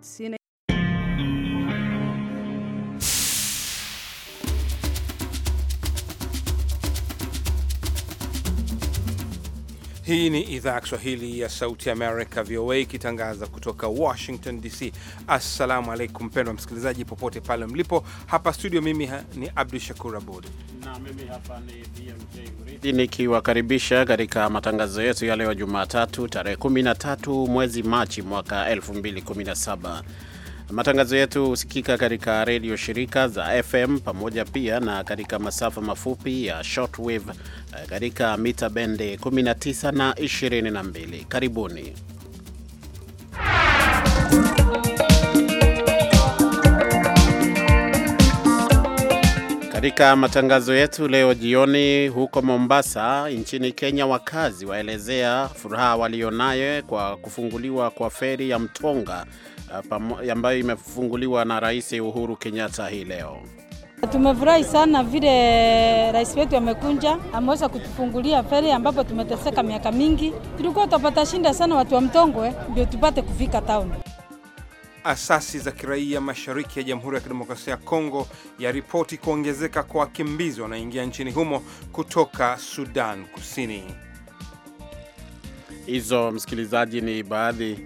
sin Hii ni idhaa ya Kiswahili ya Sauti Amerika, VOA, ikitangaza kutoka Washington DC. Assalamu alaikum, mpendwa msikilizaji, popote pale mlipo. Hapa studio, mimi ni Abdu Shakur Abud nikiwakaribisha katika matangazo yetu ya leo Jumatatu, tarehe 13 mwezi Machi mwaka 2017. Matangazo yetu husikika katika redio shirika za FM pamoja pia na katika masafa mafupi ya shortwave eh, katika mita bende 19 na 22. Karibuni Katika matangazo yetu leo jioni, huko Mombasa nchini Kenya, wakazi waelezea furaha walionaye kwa kufunguliwa kwa feri ya Mtonga eh, ambayo imefunguliwa na Rais Uhuru Kenyatta hii leo. Tumefurahi sana vile rais wetu amekunja, ameweza kutufungulia feri ambapo tumeteseka miaka mingi. Tulikuwa tutapata shinda sana watu wa Mtongwe ndio tupate kufika tauni. Asasi za kiraia mashariki ya Jamhuri ya Kidemokrasia ya Kongo yaripoti kuongezeka kwa wakimbizi wanaingia nchini humo kutoka Sudan Kusini. Hizo msikilizaji, ni baadhi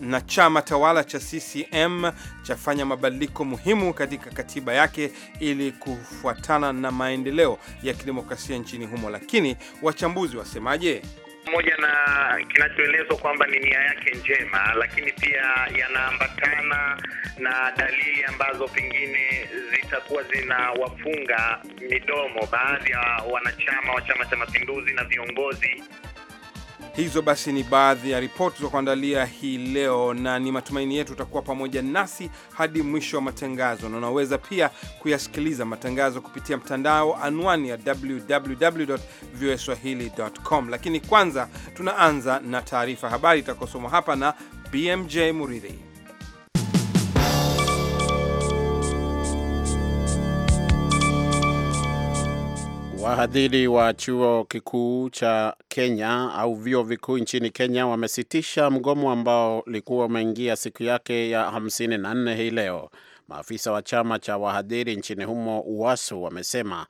na chama tawala cha CCM chafanya mabadiliko muhimu katika katiba yake ili kufuatana na maendeleo ya kidemokrasia nchini humo, lakini wachambuzi wasemaje? pamoja na kinachoelezwa kwamba ni nia yake njema, lakini pia yanaambatana na dalili ambazo pengine zitakuwa zinawafunga midomo baadhi ya wanachama wa Chama cha Mapinduzi na viongozi Hizo basi ni baadhi ya ripoti za kuandalia hii leo, na ni matumaini yetu utakuwa pamoja nasi hadi mwisho wa matangazo, na unaweza pia kuyasikiliza matangazo kupitia mtandao, anwani ya www swahilicom Lakini kwanza tunaanza na taarifa habari itakosomwa hapa na BMJ Muridhi. Wahadhiri wa chuo kikuu cha Kenya au vyuo vikuu nchini Kenya wamesitisha mgomo ambao ulikuwa umeingia siku yake ya 54 hii leo. Maafisa wa chama cha wahadhiri nchini humo UWASU wamesema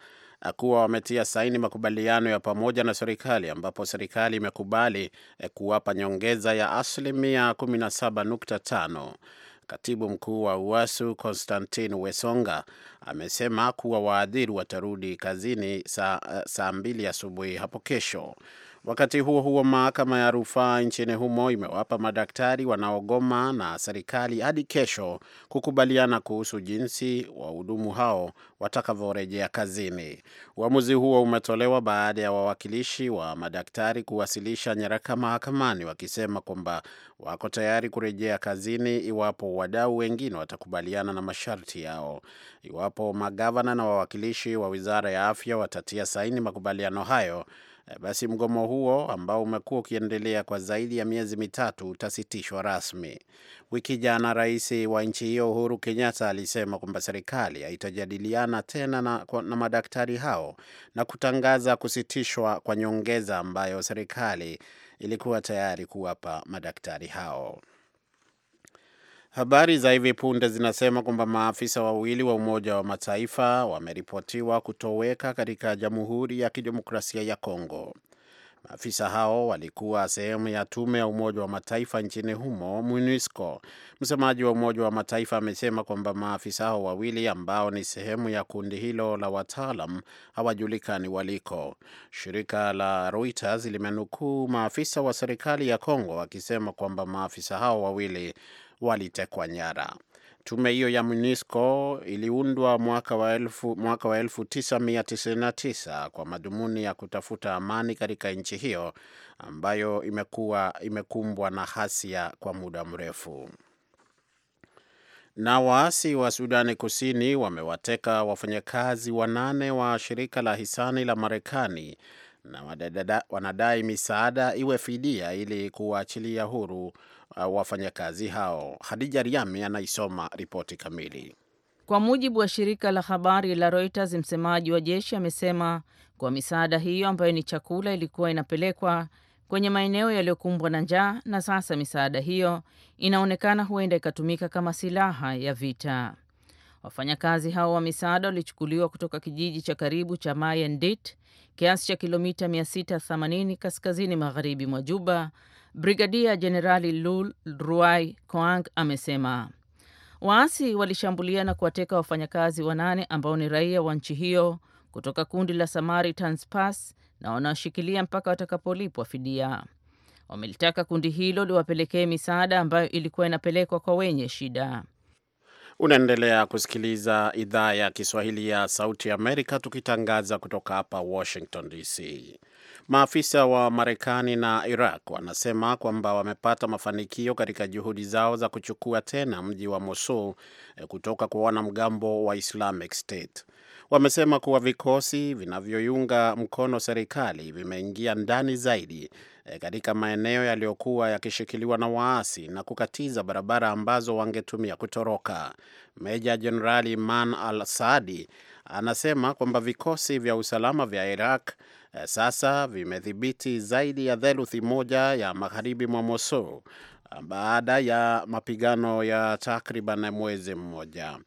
kuwa wametia saini makubaliano ya pamoja na serikali ambapo serikali imekubali eh, kuwapa nyongeza ya asilimia 17.5. Katibu mkuu wa UASU Konstantin Wesonga amesema kuwa waadhiri watarudi kazini saa, eh, saa mbili asubuhi hapo kesho. Wakati huo huo, mahakama ya rufaa nchini humo imewapa madaktari wanaogoma na serikali hadi kesho kukubaliana kuhusu jinsi wahudumu hao watakavyorejea kazini. Uamuzi huo umetolewa baada ya wawakilishi wa madaktari kuwasilisha nyaraka mahakamani wakisema kwamba wako tayari kurejea kazini iwapo wadau wengine watakubaliana na masharti yao. Iwapo magavana na wawakilishi wa wizara ya afya watatia saini makubaliano hayo Eh, basi mgomo huo ambao umekuwa ukiendelea kwa zaidi ya miezi mitatu utasitishwa rasmi. Wiki jana, rais wa nchi hiyo Uhuru Kenyatta alisema kwamba serikali haitajadiliana tena na, na madaktari hao na kutangaza kusitishwa kwa nyongeza ambayo serikali ilikuwa tayari kuwapa madaktari hao. Habari za hivi punde zinasema kwamba maafisa wawili wa Umoja wa Mataifa wameripotiwa kutoweka katika Jamhuri ya Kidemokrasia ya Kongo. Maafisa hao walikuwa sehemu ya tume ya Umoja wa Mataifa nchini humo, MUNISCO. Msemaji wa Umoja wa Mataifa amesema kwamba maafisa hao wawili ambao ni sehemu ya kundi hilo la wataalam hawajulikani waliko. Shirika la Reuters limenukuu maafisa wa serikali ya Kongo wakisema kwamba maafisa hao wawili walitekwa nyara. Tume hiyo ya MONUSCO iliundwa mwaka wa 1999 kwa madhumuni ya kutafuta amani katika nchi hiyo ambayo imekuwa imekumbwa na hasia kwa muda mrefu. Na waasi wa Sudani Kusini wamewateka wafanyakazi wanane wa shirika la hisani la Marekani na wanadai misaada iwe fidia ili kuwaachilia huru wafanyakazi hao. Hadija Riami anaisoma ripoti kamili. Kwa mujibu wa shirika la habari la Reuters, msemaji wa jeshi amesema kwa misaada hiyo ambayo ni chakula ilikuwa inapelekwa kwenye maeneo yaliyokumbwa na njaa na sasa misaada hiyo inaonekana huenda ikatumika kama silaha ya vita. Wafanyakazi hao wa misaada walichukuliwa kutoka kijiji cha karibu cha Mayendit kiasi cha kilomita 680 kaskazini magharibi mwa Juba. Brigadia Jenerali Lul Ruai Koang amesema waasi walishambulia na kuwateka wafanyakazi wanane ambao ni raia wa nchi hiyo kutoka kundi la Samaritans Pass na wanaoshikilia mpaka watakapolipwa fidia. Wamelitaka kundi hilo liwapelekee misaada ambayo ilikuwa inapelekwa kwa wenye shida. Unaendelea kusikiliza idhaa ya Kiswahili ya Sauti Amerika, tukitangaza kutoka hapa Washington DC. Maafisa wa Marekani na Iraq wanasema kwamba wamepata mafanikio katika juhudi zao za kuchukua tena mji wa Mosul eh, kutoka kwa wanamgambo wa Islamic State. Wamesema kuwa vikosi vinavyoiunga mkono serikali vimeingia ndani zaidi E, katika maeneo yaliyokuwa yakishikiliwa na waasi na kukatiza barabara ambazo wangetumia kutoroka. Meja Jenerali man Al Saadi anasema kwamba vikosi vya usalama vya Iraq e, sasa vimedhibiti zaidi ya theluthi moja ya magharibi mwa Mosul baada ya mapigano ya takriban mwezi mmoja.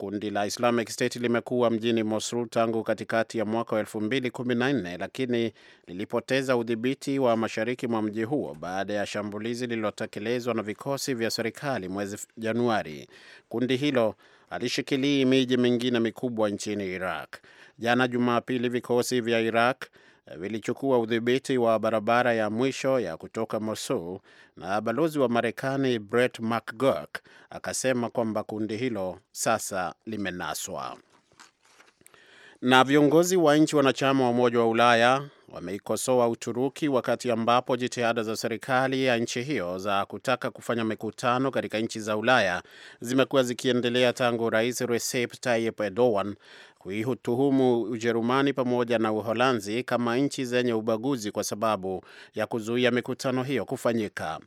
Kundi la Islamic State limekuwa mjini Mosul tangu katikati ya mwaka wa 2014 lakini lilipoteza udhibiti wa mashariki mwa mji huo baada ya shambulizi lililotekelezwa na vikosi vya serikali mwezi Januari. Kundi hilo alishikilii miji mingine mikubwa nchini Iraq. Jana Jumapili, vikosi vya Iraq vilichukua udhibiti wa barabara ya mwisho ya kutoka Mosul, na balozi wa Marekani Brett McGurk akasema kwamba kundi hilo sasa limenaswa. Na viongozi wa nchi wanachama wa Umoja wa Ulaya wameikosoa Uturuki wakati ambapo jitihada za serikali ya nchi hiyo za kutaka kufanya mikutano katika nchi za Ulaya zimekuwa zikiendelea tangu Rais Recep Tayyip Erdogan kuihutuhumu Ujerumani pamoja na Uholanzi kama nchi zenye ubaguzi kwa sababu ya kuzuia mikutano hiyo kufanyika.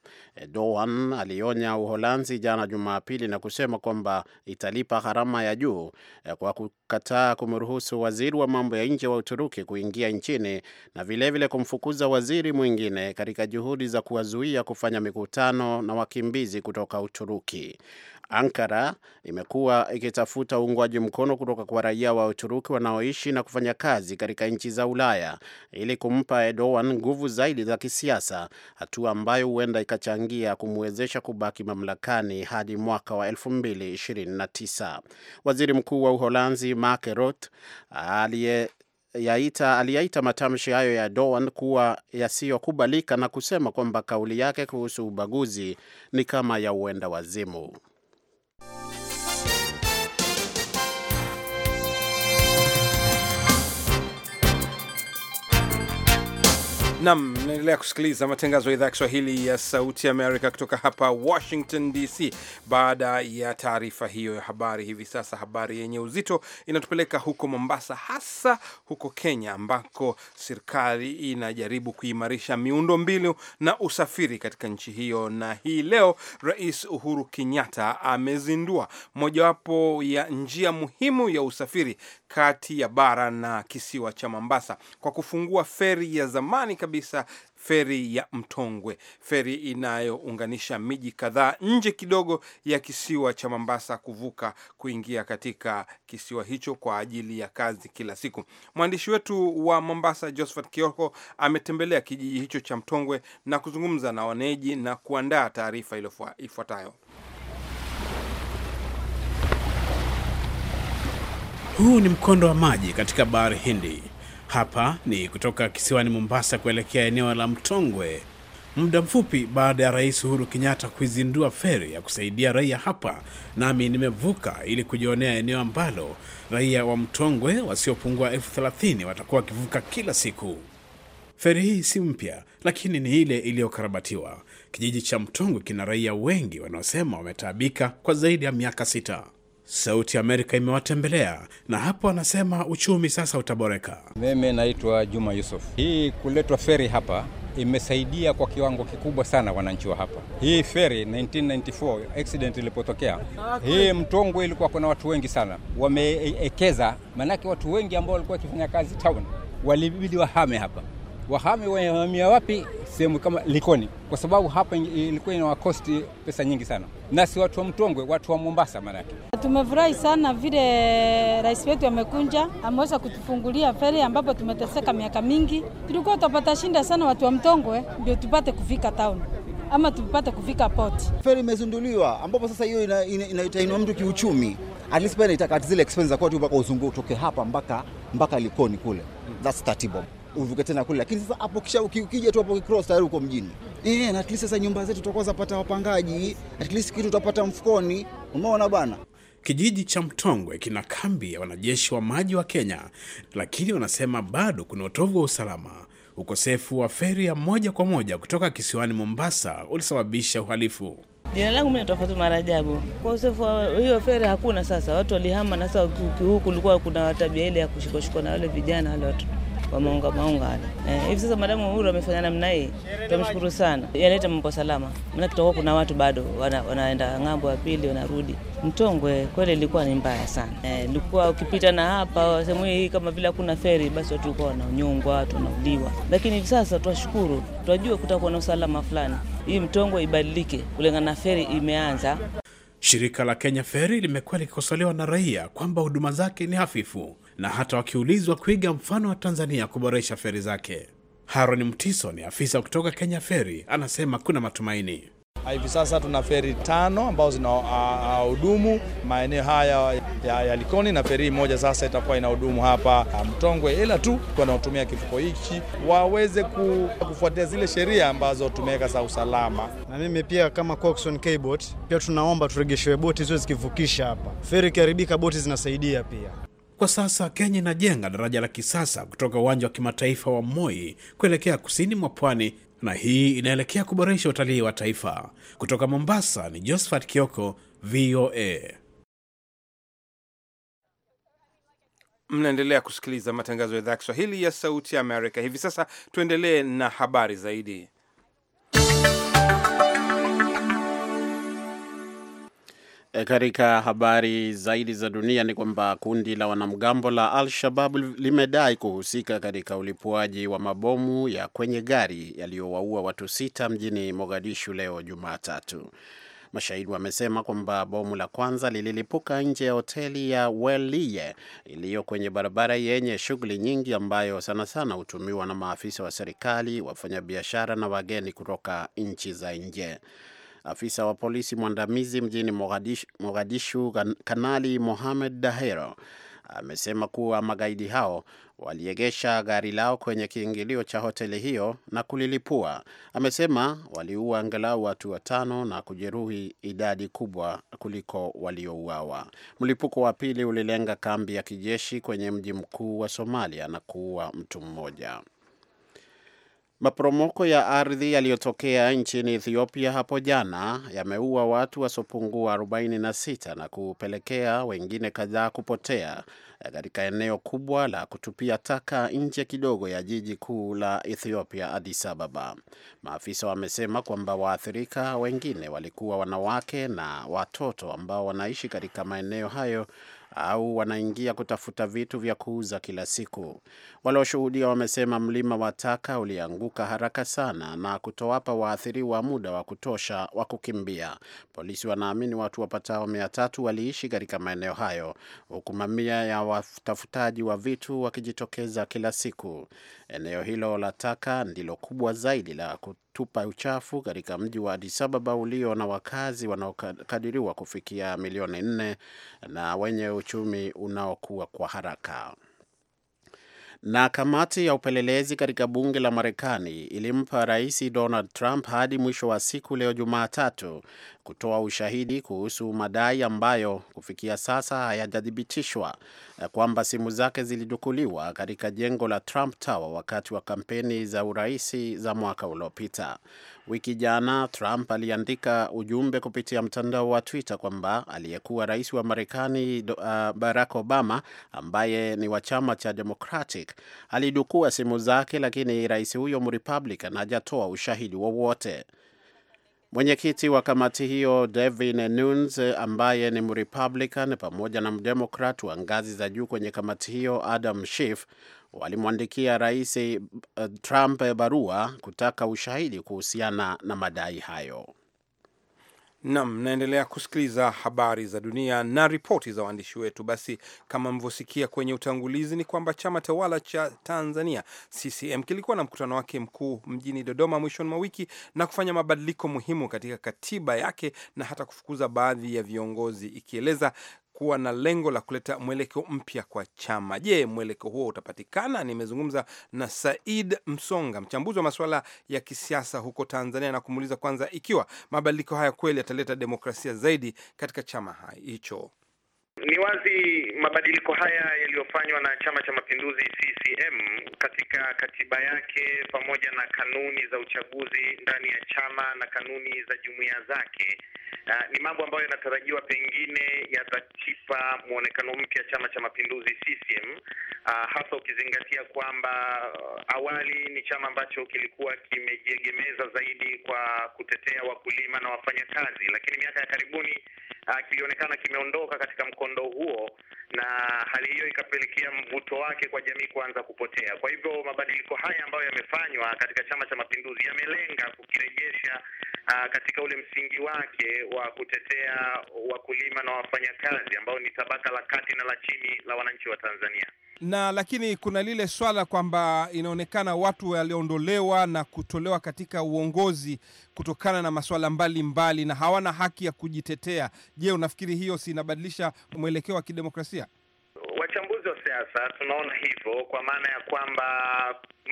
Doan alionya Uholanzi jana Jumapili na kusema kwamba italipa gharama ya juu kwa kukataa kumruhusu waziri wa mambo ya nje wa Uturuki kuingia nchini na vilevile vile kumfukuza waziri mwingine katika juhudi za kuwazuia kufanya mikutano na wakimbizi kutoka Uturuki. Ankara imekuwa ikitafuta uungwaji mkono kutoka kwa raia wa Uturuki wanaoishi na kufanya kazi katika nchi za Ulaya ili kumpa Erdogan nguvu zaidi za kisiasa, hatua ambayo huenda ikachangia kumwezesha kubaki mamlakani hadi mwaka wa 2029. Waziri Mkuu wa Uholanzi Mark Rutte aliye yaita aliyaita matamshi hayo ya Doan kuwa yasiyokubalika na kusema kwamba kauli yake kuhusu ubaguzi ni kama ya uenda wazimu. Nam, naendelea kusikiliza matangazo ya idhaa ya Kiswahili ya Sauti Amerika kutoka hapa Washington DC. Baada ya taarifa hiyo ya habari, hivi sasa habari yenye uzito inatupeleka huko Mombasa, hasa huko Kenya, ambako serikali inajaribu kuimarisha miundo mbinu na usafiri katika nchi hiyo, na hii leo Rais Uhuru Kenyatta amezindua mojawapo ya njia muhimu ya usafiri kati ya bara na kisiwa cha Mombasa kwa kufungua feri ya zamani kabisa kabisa feri ya Mtongwe, feri inayounganisha miji kadhaa nje kidogo ya kisiwa cha Mombasa, kuvuka kuingia katika kisiwa hicho kwa ajili ya kazi kila siku. Mwandishi wetu wa Mombasa, Josephat Kioko, ametembelea kijiji hicho cha Mtongwe na kuzungumza na waneji na kuandaa taarifa ifuatayo. Huu ni mkondo wa maji katika bahari Hindi hapa ni kutoka kisiwani Mombasa kuelekea eneo la Mtongwe. Muda mfupi baada ya Rais Uhuru Kenyatta kuizindua feri ya kusaidia raia hapa, nami nimevuka ili kujionea eneo ambalo raia wa Mtongwe wasiopungua elfu thelathini watakuwa wakivuka kila siku. Feri hii si mpya, lakini ni ile iliyokarabatiwa. Kijiji cha Mtongwe kina raia wengi wanaosema wametaabika kwa zaidi ya miaka sita. Sauti Amerika imewatembelea na hapo anasema uchumi sasa utaboreka. Mimi naitwa Juma Yusuf. Hii kuletwa feri hapa imesaidia kwa kiwango kikubwa sana wananchi wa hapa. Hii feri 1994 accident ilipotokea, hii mtongwe ilikuwa kuna watu wengi sana wameekeza, maanake watu wengi ambao walikuwa wakifanya kazi town walibidi wahame hapa wahame wahamia wapi? Sehemu kama Likoni, kwa sababu hapa ilikuwa inawakosti pesa nyingi sana, nasi watu wa Mtongwe, watu wa Mombasa. Maanake tumefurahi sana vile rais wetu amekunja, ameweza kutufungulia feri ambapo tumeteseka miaka mingi. Tulikuwa tutapata shinda sana watu wa Mtongwe ndio tupate kufika town ama tupate kufika port. Feri imezinduliwa ambapo sasa hiyo inaitainua ina, ina, ina mtu kiuchumi at pale zile expense za tu mpaka uzungu utoke hapa mpaka mpaka Likoni kule, that's 30 bob uvuke tena kule, lakini sasa hapo kisha ukija tu hapo cross tayari uko mjini eh, na at least sasa nyumba zetu tutakuwa zapata wapangaji, at least kitu tutapata mfukoni. Umeona bwana. Kijiji cha Mtongwe kina kambi ya wanajeshi wa maji wa Kenya, lakini wanasema bado kuna utovu wa usalama. Ukosefu wa feri ya moja kwa moja kutoka kisiwani Mombasa ulisababisha uhalifu. Jina langu mimi natoka Fatuma Rajabu. Kwa usefu hiyo feri hakuna sasa, watu walihama, na sasa huku kulikuwa kuna tabia ile ya kushikashikwa na wale vijana wale watu wameunga maunga eh, hivi. sasa madamu Uhuru amefanya namna hii, tumshukuru sana, yaleta mambo salama, maana kitakuwa kuna watu bado wana, wanaenda ng'ambo ya pili wanarudi. Mtongwe kweli ilikuwa ni mbaya sana, eh, ilikuwa ukipita na hapa sehemu hii kama vile hakuna feri, basi watu walikuwa wananyongwa, watu wanauliwa, lakini hivi sasa twashukuru, twajua kutakuwa na usalama fulani. Hii Mtongwe ibadilike kulingana na feri imeanza. Shirika la Kenya feri limekuwa likikosolewa na raia kwamba huduma zake ni hafifu na hata wakiulizwa kuiga mfano wa Tanzania kuboresha feri zake. Haron Mtiso ni afisa kutoka Kenya feri anasema kuna matumaini. Ah, hivi sasa tuna feri tano ambazo zinahudumu ah, ah, maeneo haya ya, ya Likoni na feri moja sasa itakuwa inahudumu hapa Mtongwe, ila tu wanaotumia kivuko hiki waweze ku, kufuatia zile sheria ambazo tumeweka za usalama. Na mimi pia kama Coxon K pia tunaomba turegeshewe boti ziwe zikivukisha hapa. Feri ikiharibika, boti zinasaidia pia. Kwa sasa Kenya inajenga daraja la kisasa kutoka uwanja wa kimataifa wa Moi kuelekea kusini mwa pwani na hii inaelekea kuboresha utalii wa taifa. Kutoka Mombasa ni Josephat Kioko, VOA. Mnaendelea kusikiliza matangazo ya idhaa ya Kiswahili ya Sauti ya Amerika. Hivi sasa tuendelee na habari zaidi. E, katika habari zaidi za dunia ni kwamba kundi la wanamgambo la Al-Shabab limedai kuhusika katika ulipuaji wa mabomu ya kwenye gari yaliyowaua watu sita mjini Mogadishu leo Jumatatu. Mashahidi wamesema kwamba bomu la kwanza lililipuka nje ya hoteli ya Welie iliyo kwenye barabara yenye shughuli nyingi ambayo sana sana hutumiwa na maafisa wa serikali, wafanyabiashara na wageni kutoka nchi za nje. Afisa wa polisi mwandamizi mjini Mogadishu, Mogadishu Kanali Mohamed Dahero amesema kuwa magaidi hao waliegesha gari lao kwenye kiingilio cha hoteli hiyo na kulilipua. Amesema waliua angalau watu watano na kujeruhi idadi kubwa kuliko waliouawa. Mlipuko wa pili ulilenga kambi ya kijeshi kwenye mji mkuu wa Somalia na kuua mtu mmoja. Maporomoko ya ardhi yaliyotokea nchini Ethiopia hapo jana yameua watu wasiopungua 46 na kupelekea wengine kadhaa kupotea katika eneo kubwa la kutupia taka nje kidogo ya jiji kuu la Ethiopia, Addis Ababa. Maafisa wamesema kwamba waathirika wengine walikuwa wanawake na watoto ambao wanaishi katika maeneo hayo au wanaingia kutafuta vitu vya kuuza kila siku. Walioshuhudia wamesema mlima wa taka ulianguka haraka sana na kutowapa waathiriwa muda wa kutosha wa kukimbia. Polisi wanaamini watu wapatao mia tatu waliishi katika maeneo hayo, huku mamia ya watafutaji wa vitu wakijitokeza kila siku. Eneo hilo la taka ndilo kubwa zaidi la kutupa uchafu katika mji wa Addis Ababa ulio na wakazi wanaokadiriwa kufikia milioni nne na wenye uchumi unaokuwa kwa haraka. Na kamati ya upelelezi katika bunge la Marekani ilimpa Rais Donald Trump hadi mwisho wa siku leo Jumatatu kutoa ushahidi kuhusu madai ambayo kufikia sasa hayajathibitishwa eh, kwamba simu zake zilidukuliwa katika jengo la Trump Tower wakati wa kampeni za uraisi za mwaka uliopita. Wiki jana Trump aliandika ujumbe kupitia mtandao wa Twitter kwamba aliyekuwa rais wa Marekani uh, Barack Obama ambaye ni wa chama cha Democratic alidukua simu zake, lakini rais huyo mrepublican hajatoa ushahidi wowote. Mwenyekiti wa kamati hiyo Devin Nunes ambaye ni mrepublican pamoja na mdemokrat wa ngazi za juu kwenye kamati hiyo Adam Schiff walimwandikia Rais eh, Trump eh, barua kutaka ushahidi kuhusiana na madai hayo. Nam, naendelea kusikiliza habari za dunia na ripoti za waandishi wetu. Basi, kama mlivyosikia kwenye utangulizi, ni kwamba chama tawala cha Tanzania CCM kilikuwa na mkutano wake mkuu mjini Dodoma mwishoni mwa wiki na kufanya mabadiliko muhimu katika katiba yake na hata kufukuza baadhi ya viongozi, ikieleza kuwa na lengo la kuleta mwelekeo mpya kwa chama. Je, mwelekeo huo utapatikana? Nimezungumza na Said Msonga, mchambuzi wa masuala ya kisiasa huko Tanzania, na kumuuliza kwanza ikiwa mabadiliko haya kweli yataleta demokrasia zaidi katika chama hicho. Ni wazi mabadiliko haya yaliyofanywa na Chama cha Mapinduzi CCM katika katiba yake pamoja na kanuni za uchaguzi ndani ya chama na kanuni za jumuiya zake uh, ni mambo ambayo yanatarajiwa pengine yatakipa mwonekano mpya Chama cha Mapinduzi CCM uh, ah, hasa ukizingatia kwamba ah, awali ni chama ambacho kilikuwa kimejiegemeza zaidi kwa kutetea wakulima na wafanyakazi, lakini miaka ya karibuni uh, kilionekana kimeondoka katika mkondo huo, na hali hiyo ikapelekea mvuto wake kwa jamii kuanza kupotea. Kwa hivyo mabadiliko haya ambayo yamefanywa katika Chama cha Mapinduzi yamelenga kukirejesha uh, katika ule msingi wake wa kutetea wakulima na wafanyakazi ambao ni tabaka la kati na la chini la wananchi wa Tanzania na lakini kuna lile swala kwamba inaonekana watu waliondolewa na kutolewa katika uongozi kutokana na maswala mbalimbali mbali, na hawana haki ya kujitetea. Je, unafikiri hiyo si inabadilisha mwelekeo wa kidemokrasia? Wachambuzi wa siasa tunaona hivyo, kwa maana ya kwamba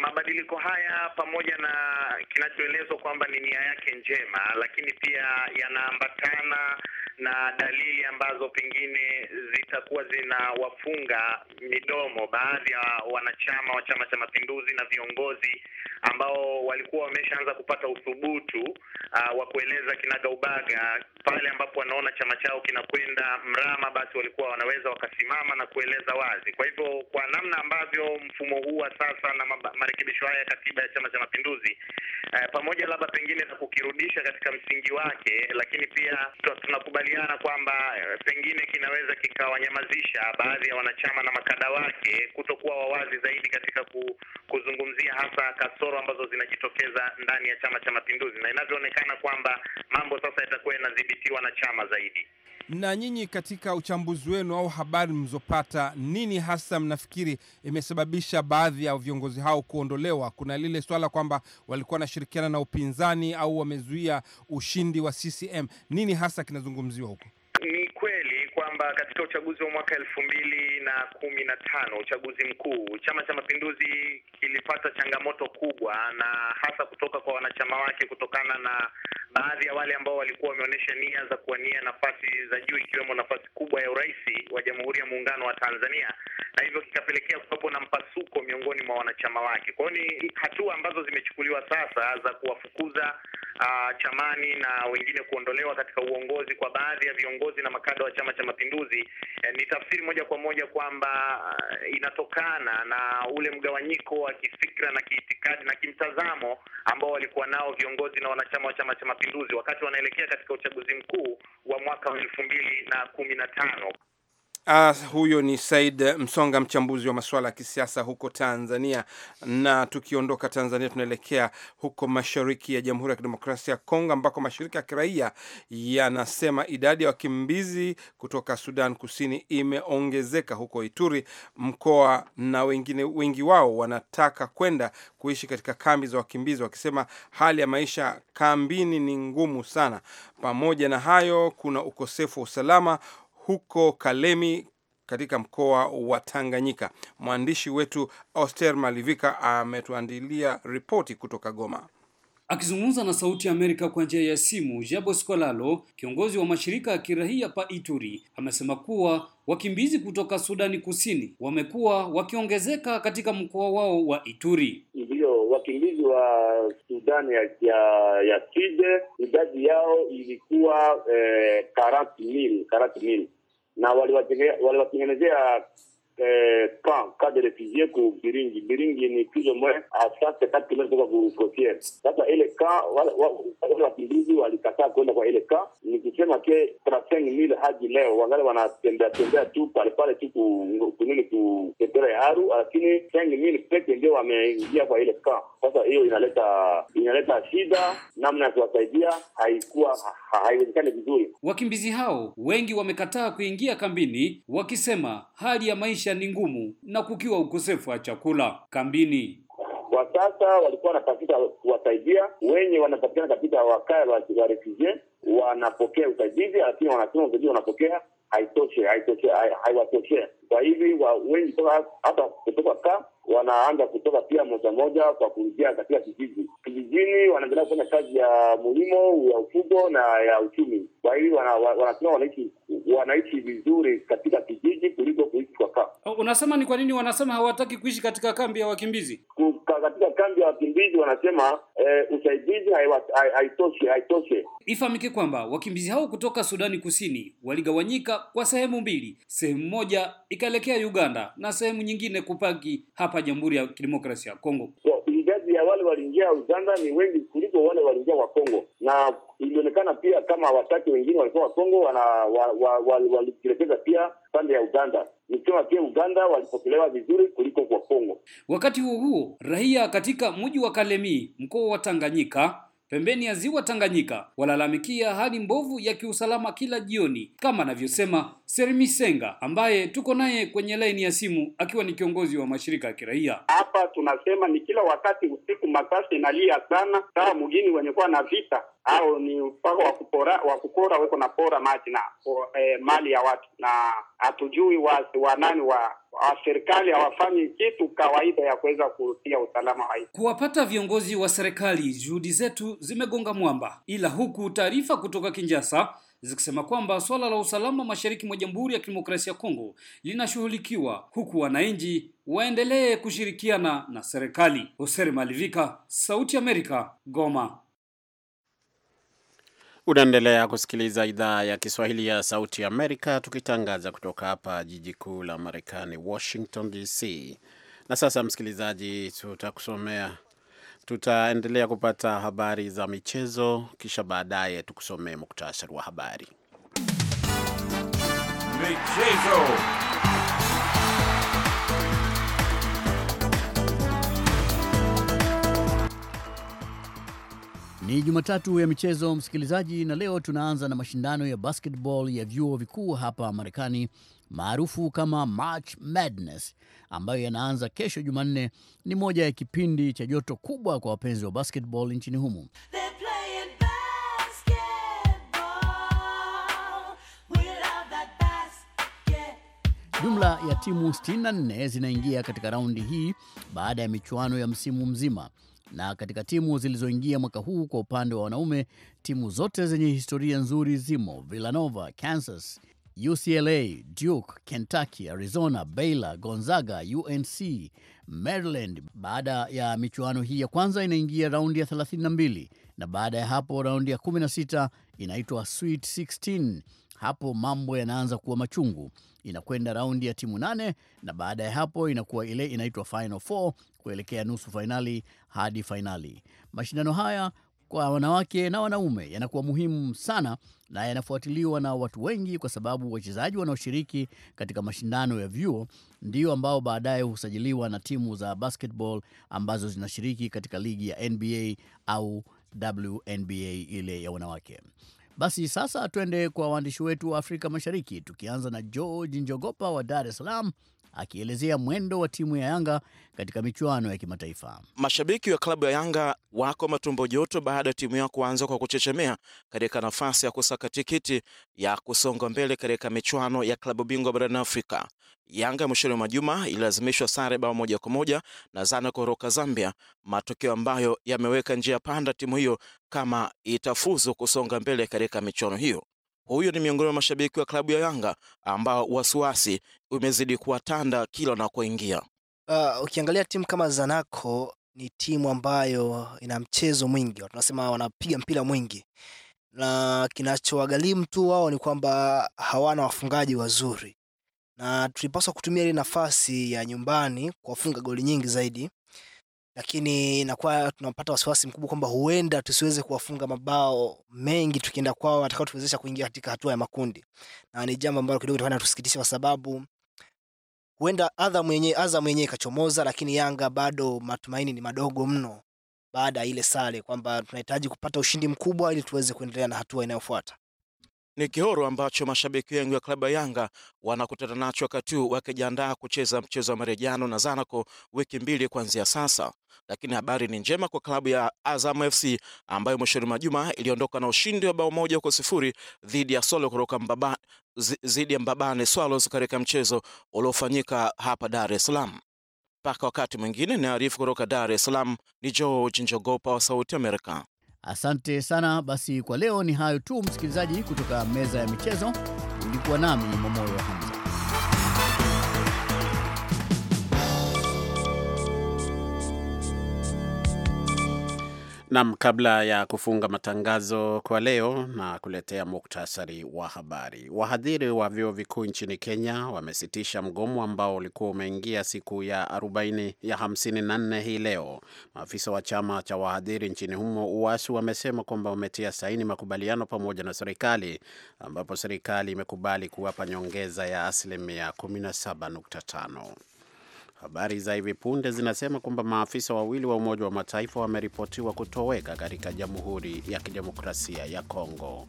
mabadiliko haya pamoja na kinachoelezwa kwamba ni nia yake njema, lakini pia yanaambatana na dalili ambazo pengine zitakuwa zinawafunga midomo baadhi ya wanachama wa Chama cha Mapinduzi na viongozi ambao walikuwa wameshaanza kupata uthubutu uh, wa kueleza kinagaubaga pale ambapo wanaona chama chao kinakwenda mrama, basi walikuwa wanaweza wakasimama na kueleza wazi. Kwa hivyo, kwa namna ambavyo mfumo huu wa sasa na marekebisho haya ya katiba ya Chama cha Mapinduzi uh, pamoja labda pengine na kukirudisha katika msingi wake, lakini pia tunakubali wamekubaliana kwamba eh, pengine kinaweza kikawanyamazisha baadhi ya wanachama na makada wake kutokuwa wawazi zaidi katika kuzungumzia hasa kasoro ambazo zinajitokeza ndani ya Chama cha Mapinduzi, na inavyoonekana kwamba mambo sasa yatakuwa yanadhibitiwa na chama zaidi. Na nyinyi katika uchambuzi wenu au habari mlizopata, nini hasa mnafikiri imesababisha baadhi ya viongozi hao kuondolewa? Kuna lile swala kwamba walikuwa wanashirikiana na upinzani au wamezuia ushindi wa CCM. Nini hasa kinazungumziwa huko? Ni kweli kwamba katika uchaguzi wa mwaka elfu mbili na kumi na tano uchaguzi mkuu, Chama cha Mapinduzi kilipata changamoto kubwa, na hasa kutoka kwa wanachama wake kutokana na baadhi ya wale ambao walikuwa wameonyesha nia za kuwania nafasi za juu ikiwemo nafasi kubwa ya urais wa Jamhuri ya Muungano wa Tanzania, na hivyo kikapelekea kuwepo na mpasuko miongoni mwa wanachama wake. Kwa hiyo ni hatua ambazo zimechukuliwa sasa za kuwafukuza uh, chamani na wengine kuondolewa katika uongozi kwa baadhi ya viongozi na makada wa Chama cha Mapinduzi Eh, ni tafsiri moja kwa moja kwamba eh, inatokana na ule mgawanyiko wa kifikra na kiitikadi na kimtazamo ambao walikuwa nao viongozi na wanachama wa Chama cha Mapinduzi wakati wanaelekea katika uchaguzi mkuu wa mwaka wa elfu mbili na kumi na tano. Uh, huyo ni Said Msonga, mchambuzi wa masuala ya kisiasa huko Tanzania. Na tukiondoka Tanzania, tunaelekea huko mashariki ya Jamhuri ya Kidemokrasia ya Kongo, ambako mashirika ya kiraia yanasema idadi ya wakimbizi kutoka Sudan Kusini imeongezeka huko Ituri mkoa, na wengine wengi wao wanataka kwenda kuishi katika kambi za wakimbizi, wakisema hali ya maisha kambini ni ngumu sana. Pamoja na hayo, kuna ukosefu wa usalama huko Kalemi katika mkoa wa Tanganyika. Mwandishi wetu Oster Malivika ametuandilia ripoti kutoka Goma. Akizungumza na Sauti ya Amerika kwa njia ya simu, Jabo Skolalo, kiongozi wa mashirika ya kirahia pa Ituri, amesema kuwa wakimbizi kutoka Sudani Kusini wamekuwa wakiongezeka katika mkoa wao wa Ituri. Ndiyo, wakimbizi wa Sudani ya, ya, ya side idadi yao ilikuwa eh, karati mil, karati mil na waliwatengenezea eh, camp cas de refugee ku Biringi. Biringi ni plus ou moins à 154 km kutoka ku frontiere. Sasa ile camp wale wakimbizi walikataa kwenda kwa ile camp, ni kusema ke 35000 hadi leo wangali wanatembea tembea tu palepale tu kunini ku sekta ya Aru, lakini 5000 pekee ndio wameingia kwa ile camp. Sasa hiyo inaleta inaleta shida, namna ya kuwasaidia haikuwa haiwezekani vizuri. Wakimbizi hao wengi wamekataa kuingia kambini, wakisema hali ya maisha maisha ni ngumu na kukiwa ukosefu wa chakula kambini. Kwa sasa walikuwa wanatafuta kuwasaidia wenye wanapatikana katika wakaya wa refugee, wanapokea usaidizi, lakini wanasema usaidizi wanapokea haitoshe haitoshi, haiwatoshee. Kwa hivi wengi kutoka hata kutoka ka wanaanza kutoka pia moja moja kwa kuingia katika kijiji kijijini, wanaendelea kufanya kazi ya mulimo ya ufugo na ya uchumi. Kwa hivi wanasema wanaishi wanaishi vizuri katika kijiji kuliko kuishi kwa ka. Unasema ni kwa nini wanasema hawataki kuishi katika kambi ya wakimbizi? Katika kambi ya wakimbizi wanasema eh, usaidizi haitoshe haitoshe. Ifahamike kwamba wakimbizi hao kutoka Sudani Kusini waligawanyika kwa sehemu mbili, sehemu moja ikaelekea Uganda na sehemu nyingine kupaki hapa Jamhuri ya Kidemokrasia ya Kongo. So, idadi ya wale waliingia Uganda ni wengi kuliko wale waliingia wa Kongo, na ilionekana pia kama watatu wengine walikuwa wa Kongo wa, pia pande ya Uganda. Nikisema pia Uganda walipokelewa vizuri kuliko kwa Kongo. Wakati huo huo, raia katika mji wa Kalemie, mkoa wa Tanganyika pembeni ya ziwa Tanganyika walalamikia hali mbovu ya kiusalama kila jioni, kama anavyosema Serimisenga ambaye tuko naye kwenye laini ya simu akiwa ni kiongozi wa mashirika ya kiraia hapa. Tunasema ni kila wakati usiku masasi inalia sana, saa mgini wenye kuwa na vita au ni mpaka wa kukora weko na pora maji na eh, mali ya watu na hatujui wa, wa nani wa serikali hawafanyi kitu kawaida ya kuweza kurudia usalama wa nchi. Kuwapata viongozi wa serikali, juhudi zetu zimegonga mwamba, ila huku taarifa kutoka kinjasa zikisema kwamba swala la usalama mashariki mwa Jamhuri ya Kidemokrasia ya Kongo linashughulikiwa huku wananchi waendelee kushirikiana na serikali. Hoser Malivika, Sauti Amerika, Goma. Unaendelea kusikiliza idhaa ya Kiswahili ya Sauti ya Amerika, tukitangaza kutoka hapa jiji kuu la Marekani, Washington DC. Na sasa, msikilizaji, tutakusomea tutaendelea kupata habari za michezo, kisha baadaye tukusomee muktasari wa habari michezo. Ni Jumatatu ya michezo msikilizaji, na leo tunaanza na mashindano ya basketball ya vyuo vikuu hapa Marekani maarufu kama March Madness ambayo yanaanza kesho Jumanne. Ni moja ya kipindi cha joto kubwa kwa wapenzi wa basketball nchini humo. Jumla ya timu 64 zinaingia katika raundi hii baada ya michuano ya msimu mzima. Na katika timu zilizoingia mwaka huu kwa upande wa wanaume, timu zote zenye historia nzuri zimo: Villanova, Kansas, UCLA, Duke, Kentucky, Arizona, Baylor, Gonzaga, UNC, Maryland. Baada ya michuano hii ya kwanza inaingia raundi ya 32 na baada ya hapo raundi ya 16 inaitwa Sweet 16. Hapo mambo yanaanza kuwa machungu, inakwenda raundi ya timu nane na baada ya hapo inakuwa ile inaitwa Final kuelekea nusu fainali hadi fainali. Mashindano haya kwa wanawake na wanaume yanakuwa muhimu sana na yanafuatiliwa na watu wengi, kwa sababu wachezaji wanaoshiriki katika mashindano ya vyuo ndio ambao baadaye husajiliwa na timu za basketball ambazo zinashiriki katika ligi ya NBA au WNBA ile ya wanawake. Basi sasa tuende kwa waandishi wetu wa Afrika Mashariki, tukianza na George Njogopa wa Dar es Salaam akielezea mwendo wa timu ya Yanga katika michuano ya kimataifa. Mashabiki wa klabu ya Yanga wako matumbo joto baada ya timu yao kuanza kwa kuchechemea katika nafasi ya kusaka tikiti ya kusonga mbele katika michuano ya klabu bingwa barani Afrika. Yanga mwishoni mwa juma ililazimishwa sare bao moja kwa moja na Zana kutoka Zambia, matokeo ambayo yameweka njia panda timu hiyo kama itafuzu kusonga mbele katika michuano hiyo. Huyu ni miongoni mwa mashabiki wa klabu ya Yanga ambao wasiwasi umezidi kuwatanda kila wanakoingia. Uh, ukiangalia timu kama Zanaco ni timu ambayo ina mchezo mwingi, tunasema wanapiga mpira mwingi, na kinachowagalimu tu wao ni kwamba hawana wafungaji wazuri, na tulipaswa kutumia ile nafasi ya nyumbani kuwafunga goli nyingi zaidi lakini inakuwa tunapata wasiwasi mkubwa kwamba huenda tusiweze kuwafunga mabao mengi tukienda kwao atakao tuwezesha kuingia katika hatua ya makundi, na ni jambo ambalo kidogo linatusikitisha kwa sababu huenda Azam yenyewe Azam yenyewe ikachomoza, lakini Yanga bado matumaini ni madogo mno baada ya ile sare, kwamba tunahitaji kupata ushindi mkubwa ili tuweze kuendelea na hatua inayofuata. Ni kihoro ambacho mashabiki wengi wa klabu ya Yanga wanakutana nacho wakati huu wakijiandaa kucheza mchezo wa marejano na Zanaco wiki mbili kuanzia sasa. Lakini habari ni njema kwa klabu ya Azam FC ambayo mwishoni mwa juma iliondoka na ushindi wa bao moja kwa sifuri dhidi ya Solo kutoka dhidi ya Mbabane Swallows katika mchezo uliofanyika hapa Dar es Salaam. Mpaka wakati mwingine, naarifu kutoka Dar es Salaam ni George Njogopa wa Sauti Amerika. Asante sana. Basi kwa leo ni hayo tu, msikilizaji. Kutoka meza ya michezo, ulikuwa nami Momoyo Hamza. Nam, kabla ya kufunga matangazo kwa leo na kuletea muktasari wa habari. Wahadhiri wa vyuo vikuu nchini Kenya wamesitisha mgomo ambao ulikuwa umeingia siku ya 40 ya 54 hii leo. Maafisa wa chama cha wahadhiri nchini humo UASU wamesema kwamba wametia saini makubaliano pamoja na serikali, ambapo serikali imekubali kuwapa nyongeza ya asilimia 17.5. Habari za hivi punde zinasema kwamba maafisa wawili wa Umoja wa Mataifa wameripotiwa kutoweka katika Jamhuri ya Kidemokrasia ya Kongo.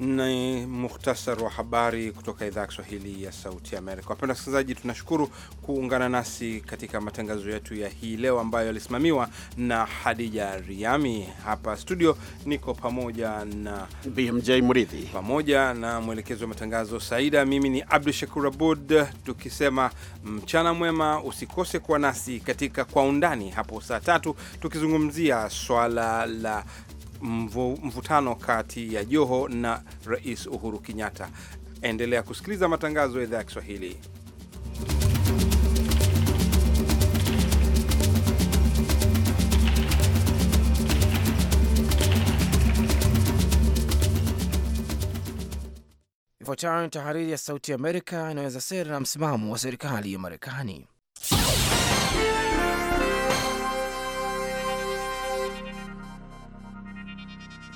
Ni muhtasari wa habari kutoka idhaa ya Kiswahili ya Sauti ya Amerika. Wapenda wasikilizaji, tunashukuru kuungana nasi katika matangazo yetu ya hii leo ambayo yalisimamiwa na Hadija Riami. Hapa studio niko pamoja na BMJ Mridhi pamoja na mwelekezi wa matangazo Saida. Mimi ni Abdu Shakur Abud, tukisema mchana mwema. Usikose kuwa nasi katika Kwa Undani hapo saa tatu tukizungumzia swala la mvutano kati ya Joho na Rais Uhuru Kenyatta. Endelea kusikiliza matangazo ya idhaa ya Kiswahili. Ifuatayo ni tahariri ya Sauti ya Amerika inaweza sera na msimamo wa serikali ya Marekani.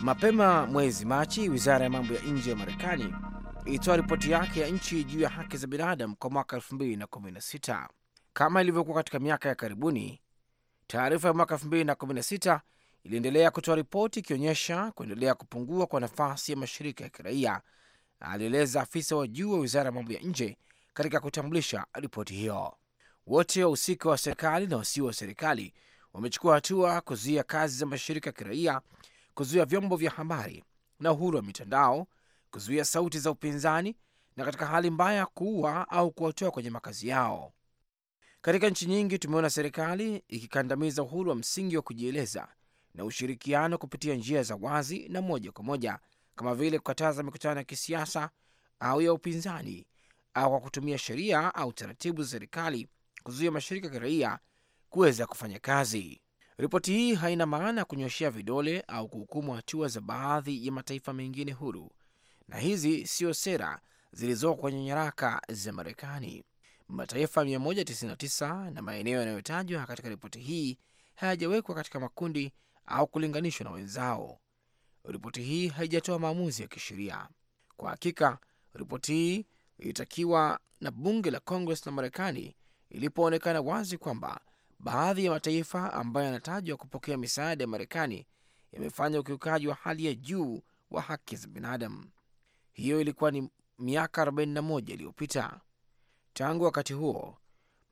Mapema mwezi Machi, wizara ya mambo ya nje ya Marekani ilitoa ripoti yake ya nchi juu ya haki za binadamu kwa mwaka 2016. Kama ilivyokuwa katika miaka ya karibuni, taarifa ya mwaka 2016 iliendelea kutoa ripoti ikionyesha kuendelea kupungua kwa nafasi ya mashirika ya kiraia, alieleza afisa wa juu wa wizara ya mambo ya nje katika kutambulisha ripoti hiyo. Wote wahusika wa serikali na wasio wa serikali wamechukua hatua kuzuia kazi za mashirika ya kiraia kuzuia vyombo vya habari na uhuru wa mitandao, kuzuia sauti za upinzani na katika hali mbaya kuua au kuwatoa kwenye makazi yao. Katika nchi nyingi tumeona serikali ikikandamiza uhuru wa msingi wa kujieleza na ushirikiano kupitia njia za wazi na moja kwa moja, kama vile kukataza mikutano ya kisiasa au ya upinzani au kwa kutumia sheria au taratibu za serikali kuzuia mashirika ya kiraia kuweza kufanya kazi. Ripoti hii haina maana ya kunyoshea vidole au kuhukumu hatua za baadhi ya mataifa mengine huru, na hizi siyo sera zilizoko kwenye nyaraka za Marekani. Mataifa 199 na maeneo yanayotajwa katika ripoti hii hayajawekwa katika makundi au kulinganishwa na wenzao. Ripoti hii haijatoa maamuzi ya kisheria. Kwa hakika, ripoti hii ilitakiwa na bunge la Congress la Marekani ilipoonekana wazi kwamba baadhi ya mataifa ambayo yanatajwa kupokea misaada ya Marekani yamefanya ukiukaji wa hali ya juu wa haki za binadamu. Hiyo ilikuwa ni miaka 41 iliyopita. Tangu wakati huo,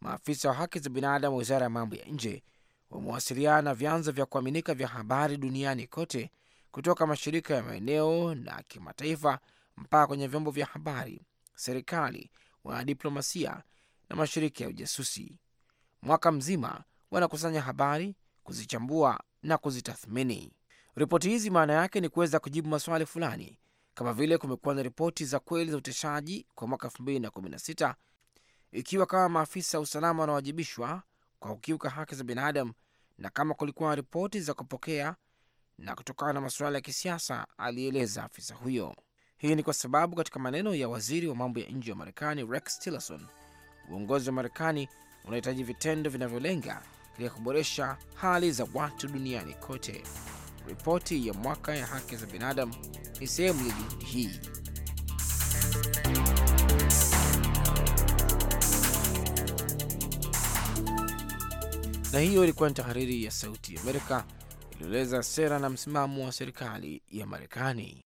maafisa wa haki za binadamu wa wizara ya mambo ya nje wamewasiliana na vyanzo vya kuaminika vya habari duniani kote, kutoka mashirika ya maeneo na kimataifa mpaka kwenye vyombo vya habari, serikali, wanadiplomasia na mashirika ya ujasusi mwaka mzima wanakusanya habari, kuzichambua na kuzitathmini. Ripoti hizi maana yake ni kuweza kujibu maswali fulani, kama vile kumekuwa na ripoti za kweli za uteshaji kwa mwaka 2016 ikiwa kama maafisa wa usalama wanawajibishwa kwa kukiuka haki za binadamu na kama kulikuwa na ripoti za kupokea na kutokana na masuala ya kisiasa, alieleza afisa huyo. Hii ni kwa sababu katika maneno ya waziri wa mambo ya nje wa Marekani Rex Tillerson, uongozi wa Marekani unahitaji vitendo vinavyolenga katika kuboresha hali za watu duniani kote. Ripoti ya mwaka ya haki za binadamu ni sehemu ya juhudi hii. Na hiyo ilikuwa ni tahariri ya Sauti ya Amerika iliyoeleza sera na msimamo wa serikali ya Marekani.